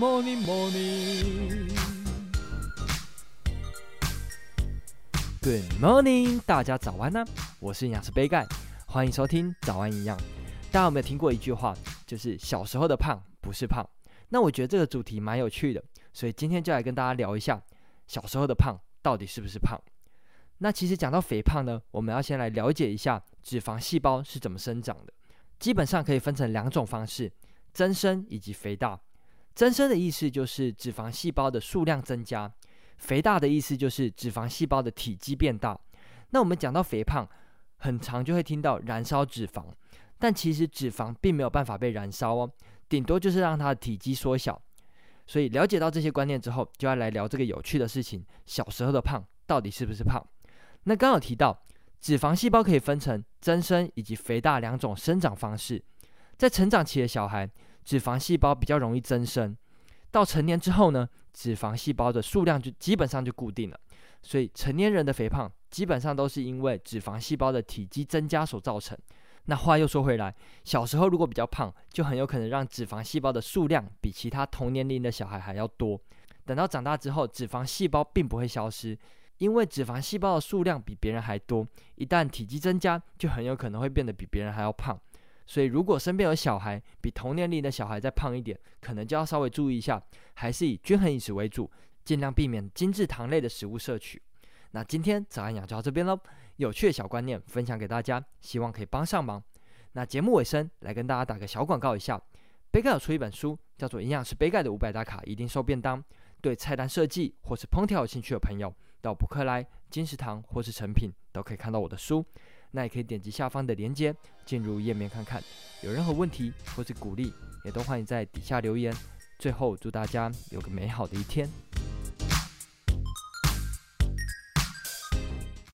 Morning, morning. Good morning, 大家早安呢，啊！我是營養師杯蓋，歡迎收聽早安營養。大家有沒有聽過一句話，就是小時候的胖不是胖。那我覺得這個主題蠻有趣的，所以今天就來跟大家聊一下小時候的胖到底是不是胖。那其實講到肥胖呢，我們要先來了解一下脂肪細胞是怎麼生長的，基本上可以分成兩種方式：增生以及肥大。增生的意思就是脂肪細胞的數量增加，肥大的意思就是脂肪細胞的體積變大。那我們講到肥胖，很常就會聽到燃燒脂肪，但其實脂肪並沒有辦法被燃燒哦，頂多就是讓它的體積縮小。所以了解到這些觀念之後，就要來聊這個有趣的事情：小時候的胖到底是不是胖？那剛好提到脂肪細胞可以分成增生以及肥大兩種生長方式，在成長期的小孩，脂肪細胞比較容易增生，到成年之後呢，脂肪細胞的數量就基本上就固定了。所以成年人的肥胖基本上都是因為脂肪細胞的體積增加所造成。那話又說回來，小時候如果比較胖，就很有可能讓脂肪細胞的數量比其他同年齡的小孩還要多。等到長大之後，脂肪細胞並不會消失，因為脂肪細胞的數量比別人還多，一旦體積增加，就很有可能會變得比別人還要胖。所以，如果身邊有小孩比同年齡的小孩再胖一點，可能就要稍微注意一下，還是以均衡飲食為主，盡量避免精緻糖類的食物攝取。那今天早安營養就到這邊嘍。有趣的小觀念分享給大家，希望可以幫上忙。那節目尾聲來跟大家打個小廣告一下，杯蓋有出一本書，叫做《營養師杯蓋的五百大卡一定瘦便當》，對菜單設計或是烹調有興趣的朋友，到博客來、金石堂或是誠品都可以看到我的書。那也可以點擊下方的鏈接進入頁面看看。有任何問題或是鼓勵，也都歡迎在底下留言。最後，祝大家有個美好的一天。